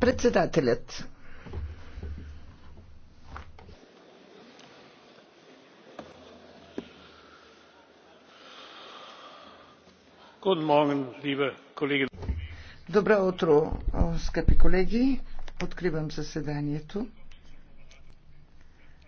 Председателят. Добро утро, скъпи колеги. Откривам заседанието.